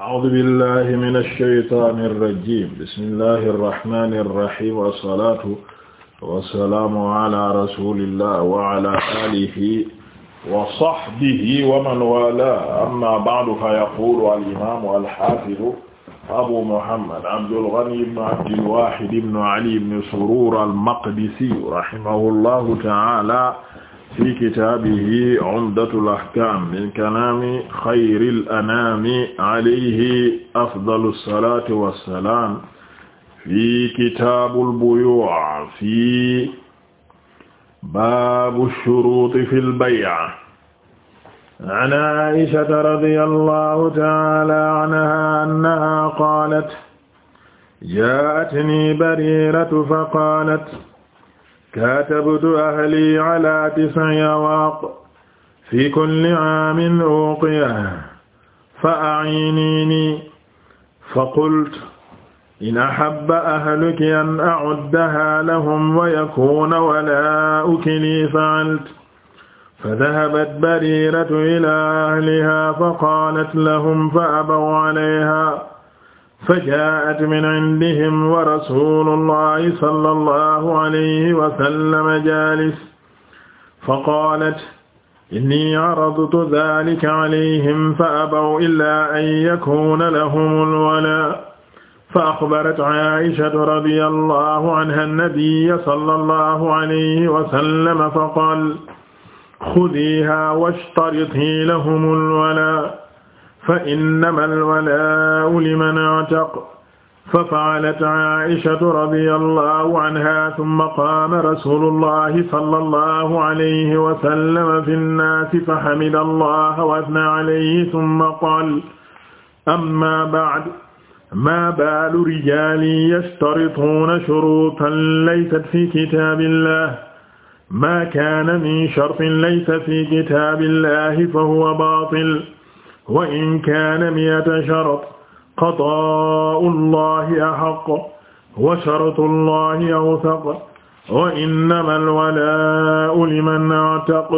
a'uudu billahi mina shaytaani rajiim bismillahi rahmaani rahiim wasalaatu wasalaamu ala rasulillah wa ala aalihi wa sahbihi wa man waalaahu amma ba'du fa yaquulu al-imaamu al-haafidu abu muhammad abdul ghani ibnu abdil waahid ibnu ali ibnu suruur al-maqdisi rahimahullahu ta'aala fi kitaabihi Umdatul Ahkaam min kalaami xayril anaami alayhi afdalu salaati wa salaam fi kitaabul buyuu' fi baabu shuruuti fil bay'i an Aysata radiyallaahu ta'aalaa anhaa annahaa qaalat jaa'atnii Bariiratu faqaalat katabtu ahli ala tis'i awaaq fi kulli aamin uqiya fa a'inini fa qult in ahabba ahluki an a'uddaha lahum wa yakuna walaa'uki li fa'alt fa dahabat bariiratu ila ahliha fa qaalat lahum fa abaw alayha فجاءت من عندهم ورسول الله صلى الله عليه وسلم جالس فقالت إني عرضت ذلك عليهم فأبوا إلا أن يكون لهم الولاء فأخبرت عائشة رضي الله عنها النبي صلى الله عليه وسلم فقال خذيها واشترطي لهم الولاء fa innama alwalaau liman aataq fa faalat aishatu radiya allahu anha tumma qaama rasulullahi sallallahu alayhi wa sallam fi nnaasi fa hamida allaha wa athnaa alayhi tumma qaala amma ba'du maa baalu rijaali yashtarituuna shuruutan laysat fi kitaabillahi maa kaana min shartin laysa fi kitaabillahi fa huwa baatil wa in kaana mi'ata sharat qadaa'u llahi ahaqq wa sharatu llahi awsaq wa innama alwalaa'u liman a'taq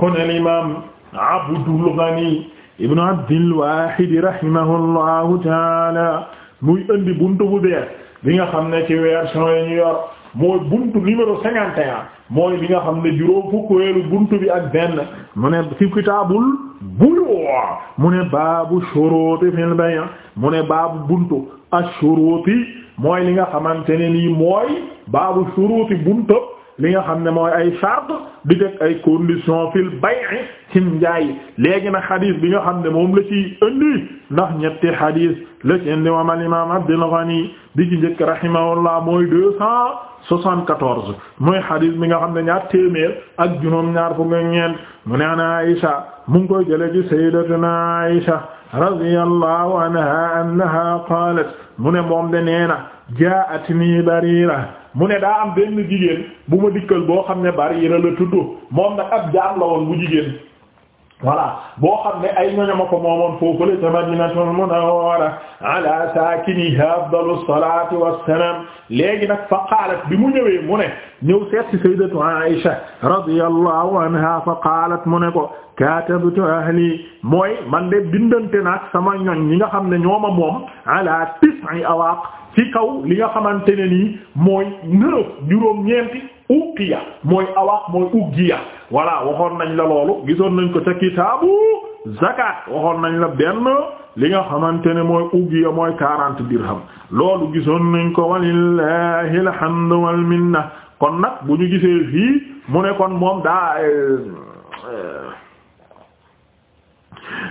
kon al-imaam Abdul Ghani ibnu Abdil Waahid rahimahullahu taala muy indi buntu bu bees bi nga xam ne ci version yi ñu yor mooy buntu numéro cinquante et un mooy bi nga xam ne juróom fukkeelu buntu bi ak benn mu ne ci kitaabul buyu mu ne baabu shuruuti fil bay' mu ne baabu buntu ashuruuti mooy li nga xamante ne nii mooy baabu shuruuti buntu li nga xam ne mooy ay charte di def ay condition fil bay'i ci njaay léegi nag xadis bi nga xam ne moom la ci indi ndax ñetti xadis la ci indi wam al imam Abdul Ghani di ci njëkk rahimahullah mooy deux cent 74 mooy xadis mi nga xam ne ñaar téeméer ak juróom ñaar fukk ñeent mu ne an Aisha mu ngi koy jële ci sayyidatuna Aisha radiyallahu anha annaha qalat mu ne moom de nee jaatni barira mu ne daa am benn jigéen bu ma dikkal boo xam ne barira la tudd moom nag ab jaam la woon bu jigéen voilà boo xam ne ay ñoñoma ko moomoon foofule ca madinatul munawwara ala saakiniha afdalu salati wassalam léegi nag fa qaalat bi mu ñëwee mu ne ñëw seet ci sayyidatu Aisha radiyallahu anha fa qaalat mu ne ko katabtu ahli mooy man de bindante naak sama ñoñ ñi nga xam ne ñooma moom ala tis'i awaq ci kaw li nga xamante ne nii mooy nërëf juróom ñeenti uqiya mooy awaq mooy uqiya voilà waxoon nañ la loolu gisoon nañ ko ca kitaabu zakat waxoon nañ la benn li nga xamante ne mooy uqiya mooy quarante dirham loolu gisoon nañ ko walillahi alhamdu wal minna kon nag bu ñu gisee fii mu ne kon moom daa euh, euh,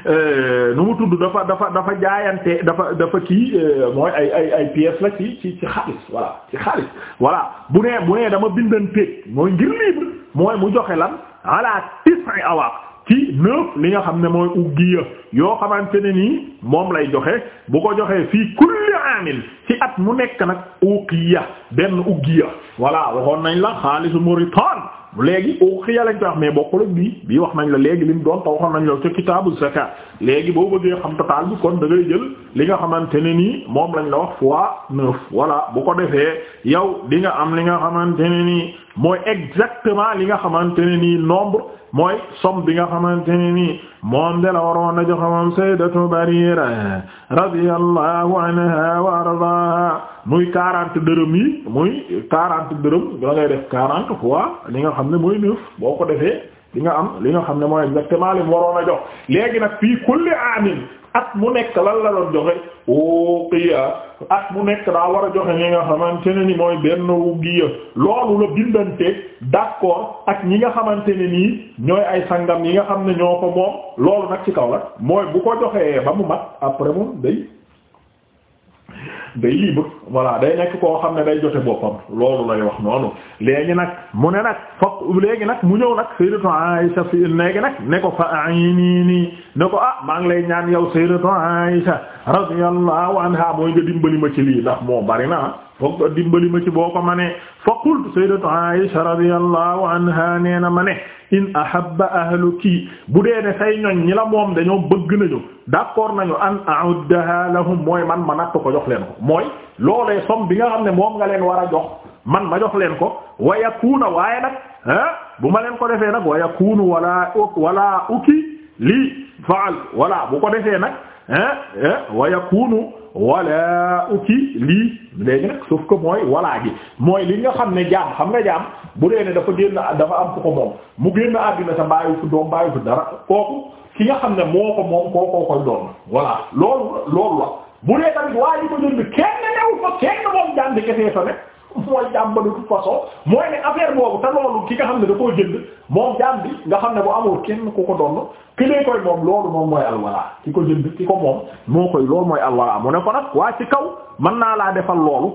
Euh, nu mu tudd dafa dafa dafa jaayante dafa dafa kii euh, mooy ay ay ay pièces la ci ci xaalis voilà ci xaalis voilà bu nee bu nee dama bindanteeg mooy ngir libre mooy mu joxe lan ala tis'i awaq ci neuf li nga xam ne mooy ugiya yoo xamante ne nii moom lay joxe bu ko joxee fii kulli amin ci at mu nekk nag uqiya benn ugiya voilà waxoon nañ la xaalisu Mauritanie léegi uxiya lañ koy wax mais bokkul ak bii bii wax nañ la léegi lim doon te waxoon nañ la ca kitaabu zakat léegi boo bëggee xam total bi kon da jël li nga xamante ne nii moom lañ la wax fois neuf voilà bu ko defee yow di nga am li nga xamante ne nii mooy exactement li nga xamante ne nii nombre mooy som bi nga xamante ne nii moom de la waroon a joxe moom sayyidatu Barira radiyallahu anha wa ardaaha muy quarante dërëm yi muy quarante dërëm da ngay def quarante fois li nga xam ne mooy neuf boo ko defee li nga am li nga xam ne mooy exactement li mu waroon a jox léegi nag fii kulli amin at mu nekk lal la doon joxe o oh, qiya at mu nekk daa war a joxe ñi nga xamante ne ni mooy benn wu giya loolu la bindante d'accord ak ñi nga xamante ne nii ñooy ay sangam yi nga xam ne ñoo ko moom loolu nag ci kaw la mooy bu ko joxee ba mu mat après moom day day libre voilà day nekk koo xam ne day jote boppam loolu lay wax noonu léegi nag mu ne nag fokk léegi nag mu ñëw nag sayyidatu Aisha fi léegi nag ne ko fa a'inini ne ko ah maa ngi lay ñaan yow sayyidatu Aisha radiyallahu anha mooy nga dimbali ma ci lii ndax moo bari naa foog nga dimbali ma ci boo ko ma ne fa qultu sayyidatu Aisha radiyallahu anha nee na ma ne in ahabba ahluki bu dee ne say ñoñ ñi la moom dañoo bëgg nañu d'accord nañu an a'uddaha lahum mooy man ma natt ko jox leen ko mooy loolee somme bi nga xam ne moom nga leen war a jox man ma jox leen ko wa yakuna waaye nag ah bu ma leen ko defee nag wa yakunu wala wala uki lii faal wala bu ko defee nag ah, ah wa yakunu wala uki lii léegi nag sauf que mooy walaa gi mooy li nga xam ne jaam xam nga jaam bu dee ne dafa génn dafa am ku ko moom mu génn àddina sa bàyyi fu doom bàyyi fu dara kooku ki nga xam ne moo ko moom kookoo koy doon voilà loolu loolu la bu dee tamit waa ji ko jënd kenn new fa kenn moom jaam kese fa mooy jaam ba de toute façon mooy ne affaire boobu te loolu ki nga xam ne da koo jënd moom jaam nga xam ne bu amul kenn ku ko donn ki lay koy moom loolu moom mooy alwalaa ki ko jënd ki ko moom moo koy loolu mooy alwalaa mu ne ko nag waa ci kaw man naa laa defal loolu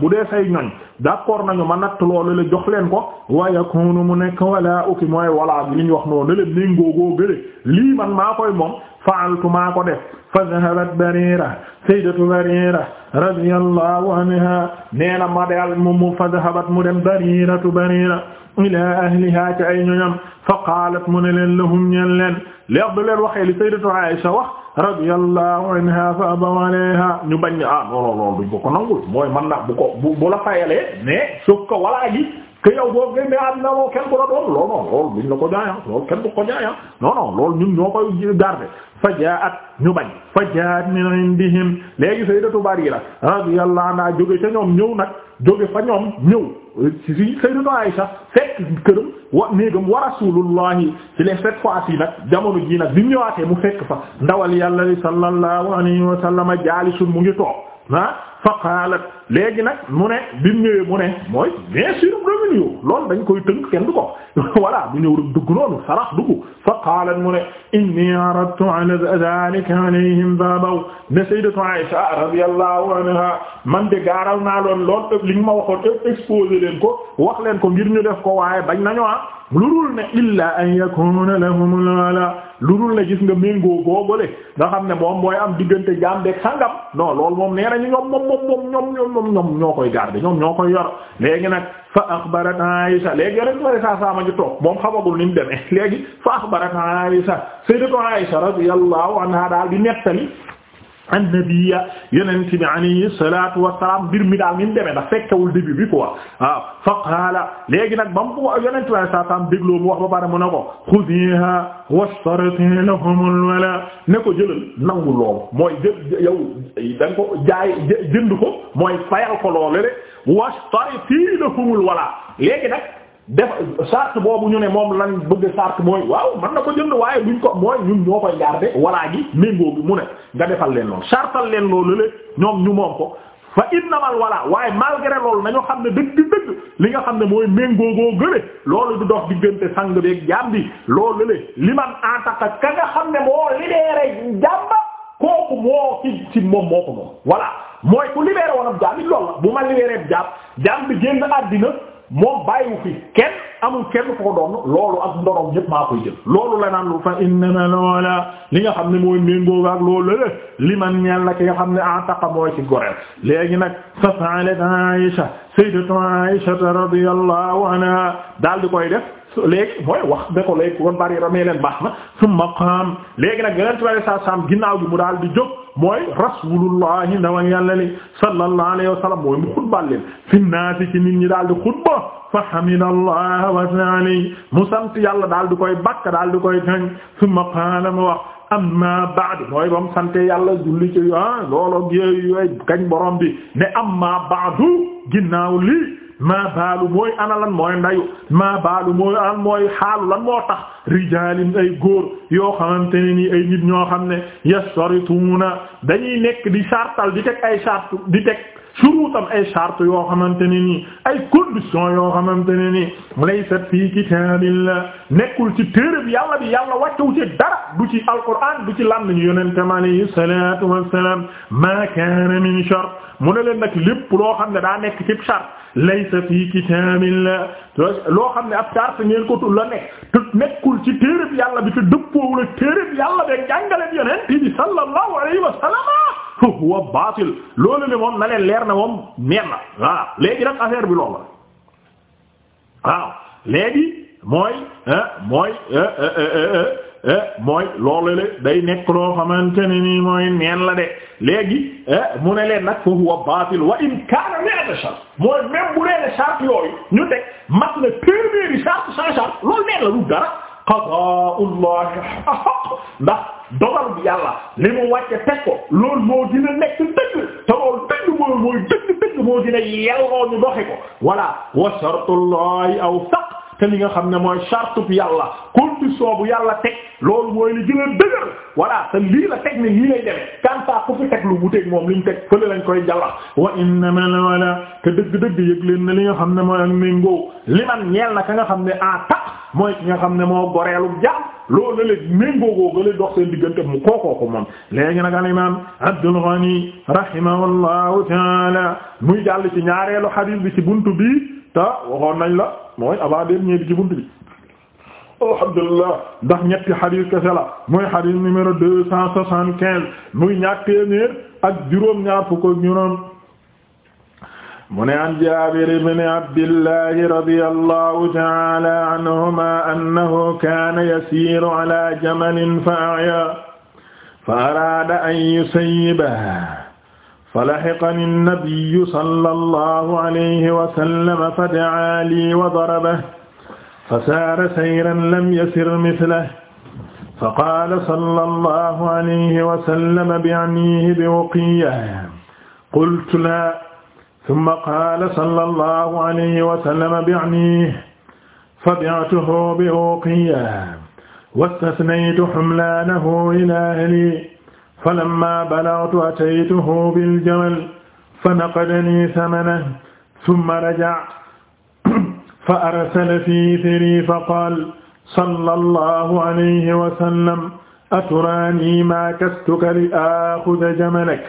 bu dee say ñoñ d'accord nañu ma natt loolu la jox leen ko waaye koonu mu nekk walaa uki mooy walaa bi li ñu wax noonu ne leen néngoo goo gële lii man maa koy moom faaltu maa ko def fa dhahabat Barira sayyidatu Barira radiyallahu anha nee na ma daal mu mu fa dhahabat mu dem Bariratu Barira ilaa ahlihaa ca ay ñoñam fa qaalat mu ne leen lahum ñeen leen léex du leen waxee li sayyidatu Aisha wax radiyallahu anha fa abaw alayha ñu bañ ah looloo lool duñ ko ko nangul mooy man na bu ko bu la fayalee mais suuf ko walaa gi que yow boo génnee àddina woo kenn bu la doon lool non lool buñ la ko jaayam ah lool kenn ko jaayam ah non non lool ñun ñoo koy fa jaat ñu bañ fa jaat min indihim léegi sayyidatu Barira radiyallahu anha jóge ca ñoom ñëw nag jóge fa ñoom ñëw ci sayyidatu Aisha fekk këram wa néegam wa rasulullahi ci les cette fois ci nag jamono ji nag bi mu ñëwaatee mu fekk fa ndawal yàlla li sallallahu alayhi wa sallam jaalisun mu ngi toog ah fa qaalat léegi nag mu ne bi mu ñëwee mu ne mooy bien sûr dañ koy tënk kenn du ko voilà du ñëw rek dugg noonu sarax dugg fa qaalat mu ne inni aradtu ala dhalika alayhim babaw ne sayyidatu Aisha radiyallahu anha man de gaaral naa loon lool li nga ma waxoon exposé leen ko wax leen ko ngir ñu def ko waaye bañ nañu ah lu dul ne illa an yakuna lahumul ala lu dul ne gis nga méngoo boobale nga xam ne moom mooy am diggante jaam beeg sangam non loolu moom nee nañu ñoom moom moom ñoom ñoom ñoo koy garder ñoom ñoo koy yor léegi nag fa axbarat Aïsa léegi yore sare sa sama ji toog moom xamagul ni mu demee léegi fa axbarat Aïsa sayyidatu Aïsa radiyallahu anha daal di nettali annabiya yonent bi alayhi salaatu wassalaam mbir mi daal ni mu demee ndax fekkewul début bi quoi waaw fa qaala léegi nag ba mu ko yonent bi alayhi salaam dégloo mu wax ba pare mu ne ko xudiha wastarati lahumul wala ne ko jëlal nangu loolu mooy jë yow da nga ko jaay jënd ko mooy fayal ko loolu de wastarati lahumul wala léegi nag def charte boobu ñu ne moom lan bëgg charte mooy waaw man na ko jënd waaye duñ ko mooy ñun ñoo koy garder walaa gi méngoo bi mu ne nga defal leen lool chartal leen loolu lé ñoom ñu moom ko fa innamal wala waaye malgré loolu nañu xam ne dëgg-dëgg li nga xam ne mooy méngoogoo gële loolu du dox diggante sang beeg jaam bi loolu le li man ataka ka nga xam ne moo libéré jàmba kooku moo ci ci moom moo ko moom voilà mooy ku libéré woon ab jaam it loolu la bu ma libéré ab jaam moom bàyyiwu fi kenn amul kenn ko doon loolu ak ndorom ñépp maa koy jël loolu la naan lu fa innama loola li nga xam ne mooy méngóog ak loolu la li man ñeel na ki nga xam ne ataqa mooy ci goreel léegi nag fa fa'alat Aïsha sayyidatu Aïsha radiyallahu anha daal di koy def léegi mooy wax da ko léegi kon bari ramee leen baax na summa qaam léegi nag yeneen tubaab yi saa saam ginnaaw gi mu daal di jóg. mooy rasulullahi ndawal yàlla li sallallahu alayhi wa sallam mooy mu xutbal leen fi naasi ci nit ñi daal di xutba fa hamidallah wa saani mu sant yàlla daal di koy bakk daal di koy tànk summa qaala ma wax amma ba'du mooy bam sante yàlla julli ci ah looloo yooyu yooyu kañ borom bi ne amma ba'du ginnaaw lii maa baalu mooy ana lan mooy ndayu maa baalu mooy an mooy xaalu lan moo tax rijaalin ay góor yoo xamante ne nii ay nit ñoo xam ne yastarituuna dañuy nekk di sartal di teg ay sart di teg suruutam ay charte yoo xamante ne nii ay condition yoo xamante ne nii laysat fii kitaabillah nekkul ci téeréb yàlla bi yàlla wàccewu ci dara du ci alquran du ci lan ñu yonentam alayhi salatu wassalam ma kaana min shart mu ne leen nag lépp loo xam ne daa nekk ci charte laysa fii kitaabillah loo xam ne ab charte ngeen ko la nekk te nekkul ci téereb yàlla bi te dëppoowul ak téereb yàlla bi jàngale bi yonent bi sallallahu alayhi wa sallam huwa baatil loolu le moom na leen leer na moom meen na voilà léegi nag affaire bi loolu la waaw léegi mooy mooy Eh, mooy loolu le day nekk loo xamante ne nii mooy neen la de léegi eh, mu ne leen nag fa huwa baatil wa in kaana mi'ata shart mooy même bu leen shart yooyu ñu teg mat na téeméeri shart sans shart loolu neen la du dara qadaa'ullah haqq ndax dogal bi yàlla li mu wàcce teg ko loolu moo dina nekk dëgg te loolu dëgg mooy mooy dëgg dëgg moo dina yelloo ñu doxi ko wala wa shartullahi awsaq te li nga xam ne mooy charte bu yàlla condition yàlla teg loolu mooy li gën a dëgër voilà te lii la teg ne lii lay demee kanta ku fi teg lu wuteeg moom liñ teg fële lañ koy jàllax wa innamal wala te dëgg-dëgg yëg leen li nga xam ne mooy ak méngoo li man ñeel na ka nga xam ne a taq mooy ki nga xam ne moo goreelu jaam loolu la méngoo googu la dox seen diggante mu kookoo ko moom léegi nag al imam Abdul Ghani rahimahullahu taala muy jàll ci ñaareelu hadith bi ci bi te la mooy avant dernier bi ci alhamdulillah ndax ñetti xadiis kese mooy xadiis numéro deux cent soixante quinze muy ñaar téeméer ak juróom-ñaar fukk ak juróom mu ne an Jaabir ibn Abdillahi radiyallahu ta'ala anhuma annahu kaana yasiiru ala jamalin fa a'yaa fa an yusayyibahu فلحقني النبي صلى الله عليه وسلم فدعا لي وضربه فسار سيرا لم يسر مثله فقال صلى الله عليه وسلم بعنيه بوقيه قلت لا ثم قال صلى الله عليه وسلم بعنيه فبعته بوقيه واستثنيت حملانه إلى أهلي falamma balagtu ataytuhu biljamal fa naqadani samana thumma raja'a fa arsala fi ithri fa qaala sallallahu alayhi wa sallam aturaani ma kastuka li axuda jamalak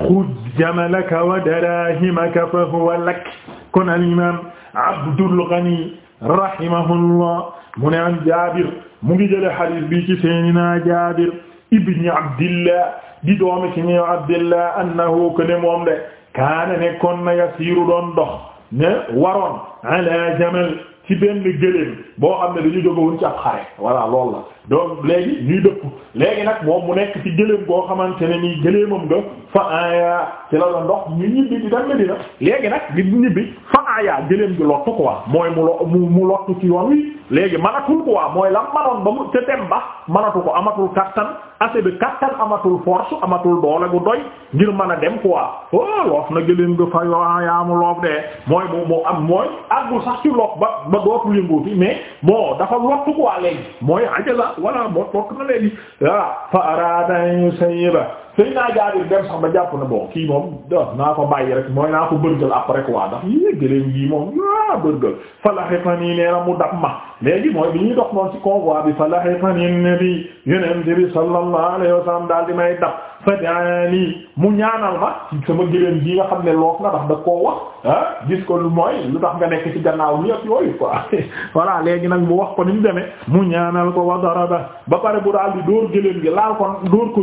xud jamalaka wa daraahimaka fa huwa lak kon alimaam Abdul Ghani rahimahullah mu ne an Jaabir mu ngi jële xadiis bi ci Seydina Jaabir ibni abdillah di doomi ci ñu abdillah annahu kaana moom de kaana nekkoon na yasiiru doon dox ne waroon ala jamal ci benn gëléem boo xam ne bi jógowoon ci ab xare voilà loolu la donc léegi ñuy dëpp léegi nag moom mu nekk ci gëléem goo xamante ne nii gëléemam nga fa aya ci la la ndox ñu ñibbi di dem Medina léegi nag di ñibbi fa aya gëléem gi lottu quoi mooy mu lo lottu ci yoon wi léegi manatul quoi mooy la manoon ba mu te dem ba manatu ko amatul kattan assez de kattan amatul force amatul doole gu doy ngir mën a dem quoi oh loof na gëléem nga fa yo aya am mooy àggul sax ci lox ba ba dootul yëngootu mais bon dafa lottu quoi léegi mooy ajaza wala moo lottu na léegi wa ah, fa arada yusayiba sëy naa Jaabir dem sax ba jàpp na bon kii moom da naa ko bàyyi rek mooy naa ko bërgal après quoi ndax yi gëléem gii moom a ah, bërgal fa lahiqanii nee na mu dab ma léegi mooy bi ñuy dox noonu ci convoi bi fa lahiqanii nabi yonent bi sallallahu alayhi wa sallam daal di may dab fa daani mu ñaanal ma ci sama gëléem gii nga xam ne loof na ndax da koo wax ah gis ko lu mooy lu tax nga nekk ci gannaaw mi ak yooyu quoi voilà léegi nag mu wax ko ni mu demee mu ñaanal ko wa daraba ba pare bu daal di dóor gëléem gi laal ko dóor ko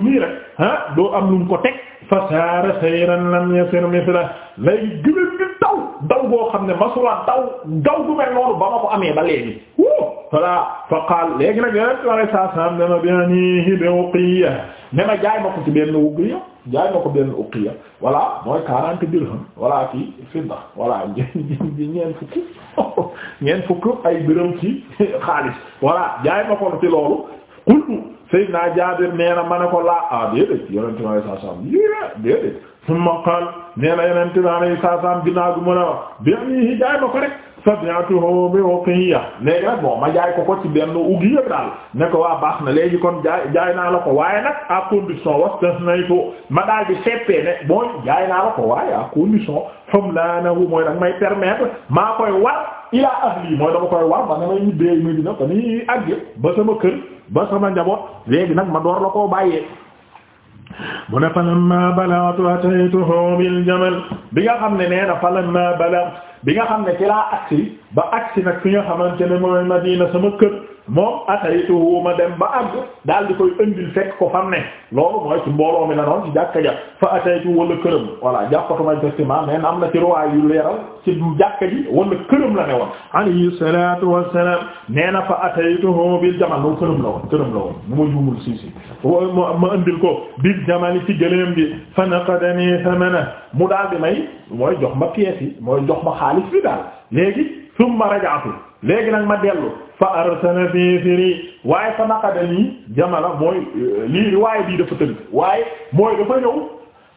doo ko teg fa saara sayran lay gëna di daw daw boo xam ne masula daw daw du mel ba ma ko amee ba léegi voilà fa qaal léegi nag yonent ware saa sam dama bianihi bi uqiya ne ma jaay ma ko ci benn uqiya jaay ma ko benn uqiya voilà mooy quarante dirham voilà ci fidda voilà ñeen fukk ñeen fukk ay dërëm ci xaalis voilà jaay ma ko ci loolu qultu Seydina Jaabir nee na ma ne ko laa ah déedéet yonente mi alayhi salaam yéé déedéet summa qaal nee na yonente mi alayhi salaam ginnaaw bi mu ne ma bi'nihi jaay ma ko rek fabi'tuhu bi uqiyya léegi nag bon ma jaay ko ko ci benn ugi yëpp ne ko waa baax na léegi kon jaay jaay naa la ko waaye nag condition wastanaytu ma daal di seppee ne mooy jaay naa la ko waaye à condition humlaanahu mooy nag may permettre maa koy war ilaa ahli mooy dama koy war ba nga may ñibbee Medina ko ni àgg ba sama kër ba sama njaboot léegi nag ma door la koo bàyyee mu ne falamma balagtu ataytuhu bil jamal bi nga xam ne nee na falamma bi nga xam ne ci laa agsi ba agsi nag fi nga xamante ne mooy Madina sama kër moom ataytuhu ma dem ba àgg daal di koy ëndil fekk ko fam ne loolu mooy ci mbooloo mi la noonu ci jàkka ja fa ataytu wala këram voilà jàppatuma ma mais am na ci riwaay yu leeral ci jàkka ji wala këram la ne woon alayhi salatu wassalam nee na fa ataytuhu bil jamal loolu këram la woon këram la woon bu ma juumul si si ma ëndil ko bil jamal ci gëléem bi fa naqadani thamana mu daal di may mooy jox ma pièces yi mooy jox ma xaalis bi daal léegi léegi nag ma dellu fa arsana fi firi waaye fa naqadani jamala mooy euh, lii riwaaya bii dafa tënk waaye mooy dafa ñëw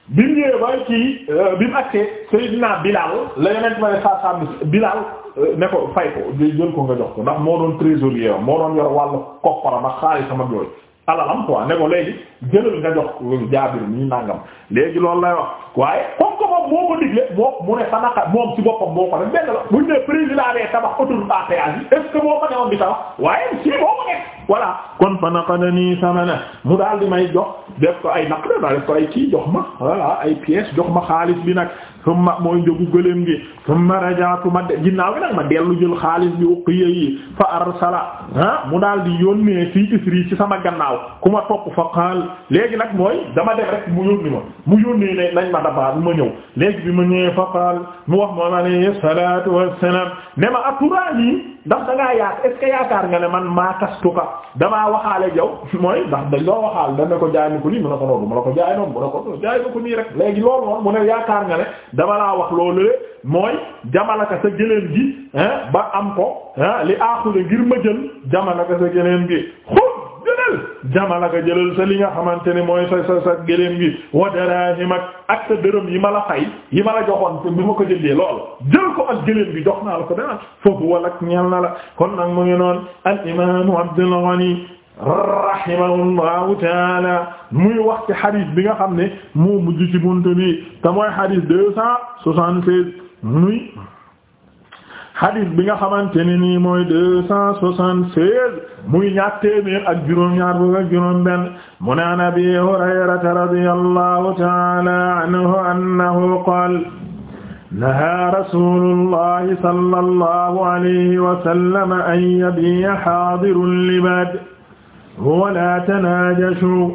bi mu ñëwee ba ci euh, bi mu àggee Seydina Bilal la yonent ma ne saa saa Bilal euh, ne ko fay ko jël ko nga jox ko ndax moo doon trésorier am moo doon yor wàllu kopparam ak xaalis sama jooy alalam quoi ne ko léegi jëlal nga jox Jaabir nii nangam léegi loolu lay wax waaye moom moo ko digle moom mu ne fa naka moom ci boppam moo ko def benn la buñ ne président bee tabax autoroute à péage bi est-ce que moo ko newoon di tabax si moo ko nekk voilà kon fa naqadani samana mu daal di may jox def ko ay naq def ko ay kii jox ma voilà ay pièces jox ma xaalis bi nag summa mooy njëgu gëléem gi summa rajaatu ma de ginnaaw gi nag ma dellu jël xaalis bi uqiya yi fa arsala ah mu daal di yónnee fii isri ci sama gannaaw ku ma topp fa qaal léegi nag mooy dama def rek mu yónni ma mu yónnee nañ ma dabaa bu ma ñëw léegi bi ma ñëwee fa qaal mu wax moom alayhi salaatu wassalaam ne ma aturaani ndax da ngaa yaat est yaakaar nga ne man maa kastuka damaa waxaale yow mooy ndax dañ loo waxaal dana ko jaay ma ko lii mu a ko noonu mu ne ko jaay noonu mu ne ko jaay ma ko nii rek léegi loolu noonu mu ne yaakaar nga ne dama laa wax loolu le mooy jamalaka sa gëléem gi ba am ko li aaxule ngir ma jël jamalaka sa gëléem gi jëlal jamalaka jëlal sa li nga xamante ni mooy sa sa sa gëléem gi wa daraahim ak sa dërëm yi ma la fay yi ma la joxoon bi ma ko jëndee lool jël ko ak gëléem gi jox naa la ko dara foofu wala ñeel na la kon nag mu ngi noon al imaamu Abdul Ghani rahimahullahu taala muy wax ci xadis bi nga xam ne moo mujj ci buntu bi te mooy xadis deux cent soixante-seize muy xadis bi nga xamante ne nii mooy deux cent soixante-seize muy ñaar téeméer ak juróom-ñaar bu ak juróom-benn mu ne an abi hurayrata radiyallahu ta'ala anhu annahu qaala nahaa rasuulullahi sallallahu alayhi wa sallam an yabii'a haadirul libaad wa laa tanaajashuu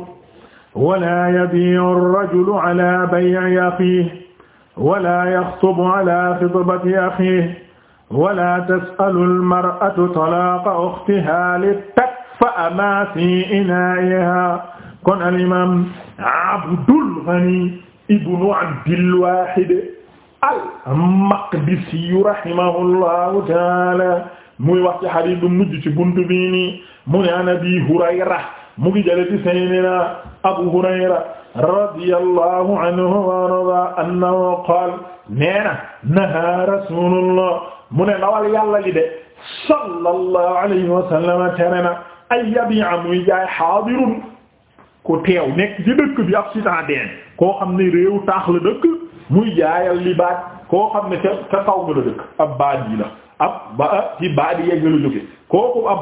wa laa yabii'u ar-rajulu alaa bay'i akhiihi wa laa yaxtubu alaa xitbati akhiihi wala tasalu almaratu talaaqa uxtiha litakfa'a maa fi inaa'iha kon alimam Abdul Ghani ibnu Abdilwaahid al-Maqdisiyu rahimahullahu taala muy wax ci xadiis bu mujj ci buntu bii nii mu ne an Abi Hurayra mu ngi jële ci Seydina Abu Hurayra radiyallahu anhu wa ardaa annahu qaala nee na nahaa rasuulullah mu ne ndawal yàlla li de sallallahu alayhi wa sallam tere na ay yabi'a muy jaay xaadirun ku teew nekk ci dëkk bi ab citadin koo xam ne réew taax la dëkk muy jaayal li baat koo xam ne ca kaw nga dëkk ab baat yi la ab ba ci baat yi yegg la jóge kooku ab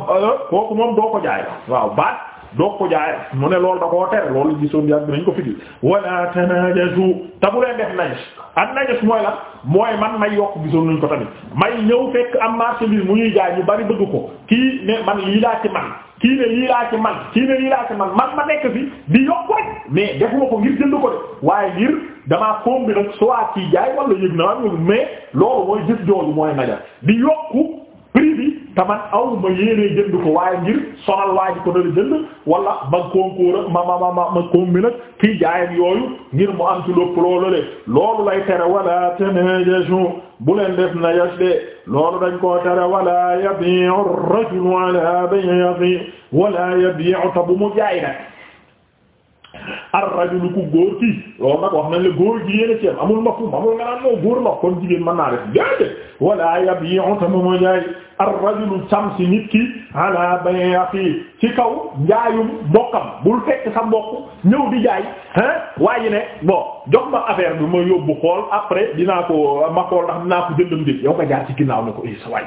kooku moom doo ko jaay waaw baat doog ko jaay mu ne loolu da koo tere loolu gisoon yàgg nañ ko fi wala tanajasu te bu leen def najas an najas mooy la mooy man may yokk gisoon nañ ko tamit may ñëw fekk am marchandise mu ñuy jaay ñu bari bëgg ko kii ne man lii laa ci man kii ne lii laa ci man kii ne lii laa ci man man ma nekk fi di yokk rek mais defuma ko ngir jënd ko de waaye ngir damaa koom bi nag soit kii jaay wala yëg na mais loolu mooy jëf jooju mooy najas di yokku. te man aw ma yéenee jënd ko waaye ngir sonal waa ji ko dala jënd wala ma concours ma ma ma ma ma kombi nag kii jaayam yooyu ngir mu am ci lépp loolu le loolu lay tere wala tanaajashu bu leen def najas de loolu dañ koo tere wala yabi'u ar-rajulu ala bay'ihi wala yabi'u ta bu mu jaay nag ar-rajulu ku góor kii loolu nag wax nañ la góor jigéen a ci am amul mafhum amul nga naan moo góor la kon jigéen man naa def déedéet wala yabi'u tamamo jaay ar-rajulu samsi nit ki ala bay afi ci kaw njaayum mbokkam bul fekk sa mbokk ñëw bi jaay hein waaye ne bon jox ma affaire bi ma yóbbu xool après dinaa ko ma xool ndax dinaa ko jëndam dé yow nga jaar ci ginnaaw ne ko i eh, sa waay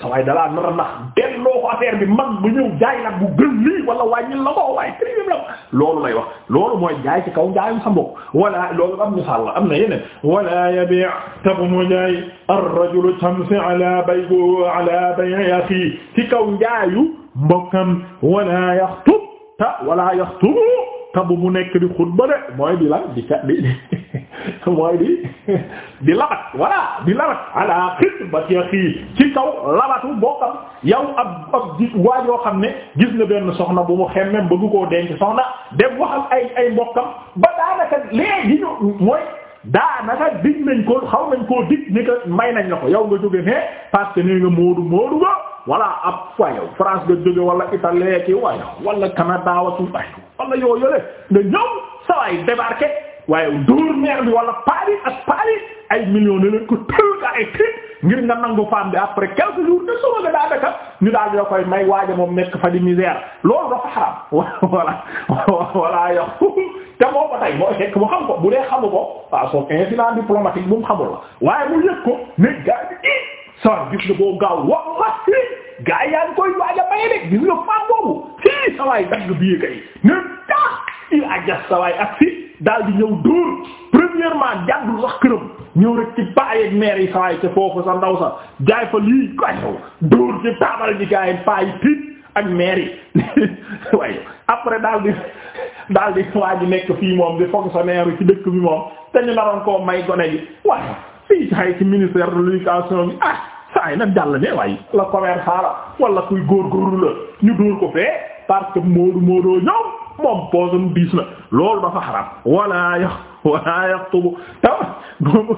sa waay dalaa nar a nax benn loo ko affaire bi mag bu ñëw jaay nag bu gën lii wala wàññil la ko waaye la loolu lay wax loolu mooy jaay ci kaw jaayum sa mbokk wala loolu am misaal la am na yeneen wala yabi' te bu mu jaay ar-rajulu tamsi ala bay'i ala bay'i akhi ci kaw njaayu mbokkam wala yaxtub ta wala yaxtubu ta mu nekk di xutba de mooy di la di ca di mooy di di labat voilà di labat ala xitbati axi ci kaw labatu bokkam yow ab ab ji waa yoo xam ne gis na benn soxna bu mu xemmem bëgg koo denc soxna dem waxal ay ay mbokkam ba daanaka léegi ñu mooy daanaka dig nañ ko xaw nañ koo dig ni may nañ la ko yow nga jóge ne parce que nee nga moodu moodu ba voilà ab fois France nga jóge wala Italie ki waaye wala Canada wa suuf ay wala yoo yole nga ñëw sawaay débarqué waaye dóor meer bi wala paali ak paali ay millions ne leen tël ka ay ngir nga nangu femme bi après quelques jours de suba nga daa dëkka ñu koy may waaja moom nekk fa di misère loolu dafa xaram voilà voilà yow te moo ko tey moo fekk mu xam ko bu dee xamu ko waaw soo incident diplomatique bu mu xamul la waaye mu yëg ko ne gaa yi sawar gis nga boo gaaw wallahi gaa yi yaa ngi koy waaja maye de gis nga femme boobu fii sawaay dagg bii kay ne tax daal di ñëw dóor premièrement jàddul sax këram ñëw rek ci payeeg maire yi sawaay te foofu sa ndaw sa jaay fa lii kayow dóor ci taabal ji gaay payi ak maire yi après daal di daal ji nekk fii moom di fonctionnaire ci dëkk bi moom te ñu naroon koo may gone gi waaye fii saay ci ministère de l'éducation bi ah saay nag jàll ne waaye la commerçant la wala kuy góorgóorlu la ñu dóor ko fee parce que Moodu Moodu ñëw moom poosam diis na loolu dafa xaram wala yax wala yaxtubu ta bu mu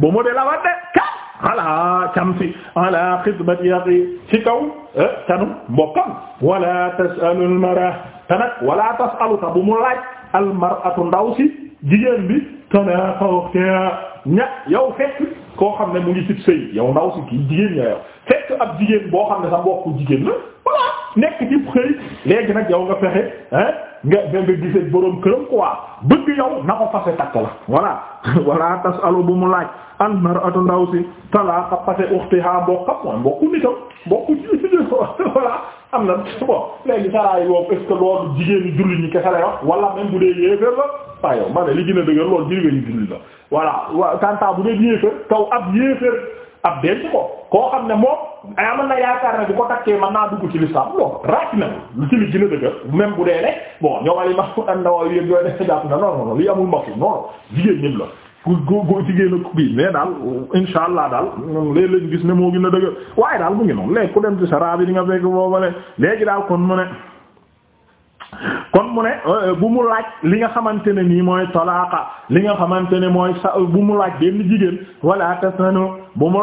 bu mu de la wadde ka ala camsi ala xidmati yaqi ci kaw eh, canu mbokkam wala tasalu almara te wala tasalu ta bu mu laaj almaratu ndaw si jigéen bi tana xawtia ña yow fekk koo xam ne mu ngi sib sëy yow si kii jigéen ña yow ab jigéen boo xam ne sa mbokku jigéen la nekk ci xëy léegi nag yow nga fexe ah nga nga gisee borom këram quoi bëgg yow na ko fase takk la voilà wala tas alu bu mu laaj an mar'atu ndaw si talaqa fase ukhtiha mbokkam mooy mbokku nitam mbokku voilà am na bon jigéen ñi julli ñi kese lay wax wala même bu dee yéeféer la waaw yow li gën a dëgër loolu jigéen julli la voilà wa tanta bu dee yéeféer taw ab yéeféer ab denc ko koo xam ne moom aman eh, na yaakaar ne bu ko takkee mën naa dugg ci l'islam loolu na lu ci li gën a dëgër bu dee ne bon ñoom al imam an-Nawawi na non non non lii jigéen ñëpp ku góor jigéen ak bii daal insha daal ñun léegi gis ne moo gën a dëgër waaye daal mu ngi noonu léegi ku dem ci sara di nga fekk boobale léegi daal kon ne kon mu ne euh, bu mu laaj li nga xamante ne nii mooy talaaka li nga xamante ne mooy sa euh, bu mu laaj benn jigéen wala tasanu bu mu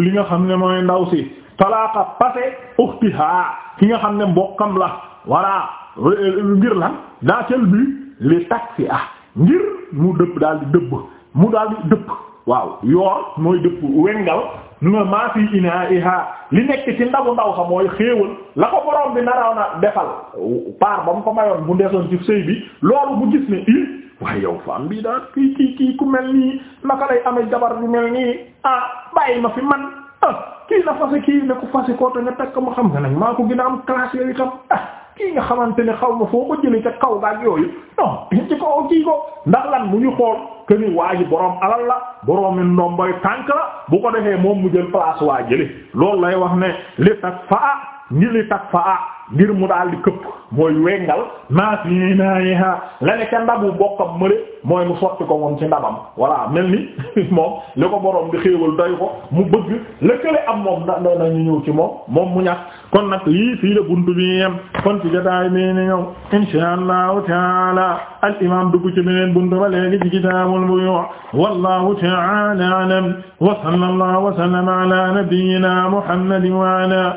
li nga xam ne mooy ndaw si talaaka pase uxtiha ki nga xam ne mbokkam la wala euh, ngir lan daateel bi li taksi ah ngir mu dëpp daal di dëbb mu daal di dëpp waaw yoor mooy dëpp wengal ma maa fi inaa'iha li nekk ci ndabu ndaw sa mooy xéewal la ko borom bi naraw na defal paar ba mu ko mayoon bu ndeesoon ci sëy bi loolu bu gis ne i waaye yow faam bii daal kii kii kii ku mel nii naka lay amee jabar bu mel nii ah bàyyi ma fi man ah kii na fase kii ne ko fase koo te nga takk ma xam nga nag maa ko gën a am classe yooyu tam ah kii nga xamante ne xaw nga foo ko jëlee ca kaw gaag yooyu non kaw kii ko ndax lan mu ñu xool que ni waa ji boroom alal la boroomi ndomboy tànk la bu ko defee moom mu jël place waa jële loolu lay wax ne li tak faa ñi li tag fa ah ngir mu daal di këpp mooy wengal maas yi naayi la ne ca bokkam mëre mooy mu sotti ko woon ci ndabam voilà mel ni moom li ko boroom di xéewal doy ko mu bëgg lëkkale am moom na na ñu ñëw ci moom moom mu ñàkk kon nag lii fii la buntu bi yem kon ci jotaay bi ni ñëw insha allahu taala al imam dugg ci beneen buntu ba léegi ci kitaabul buyu' wallahu taala alam wa sallallahu wa sallama ala nabiyyina muhammadin wa ala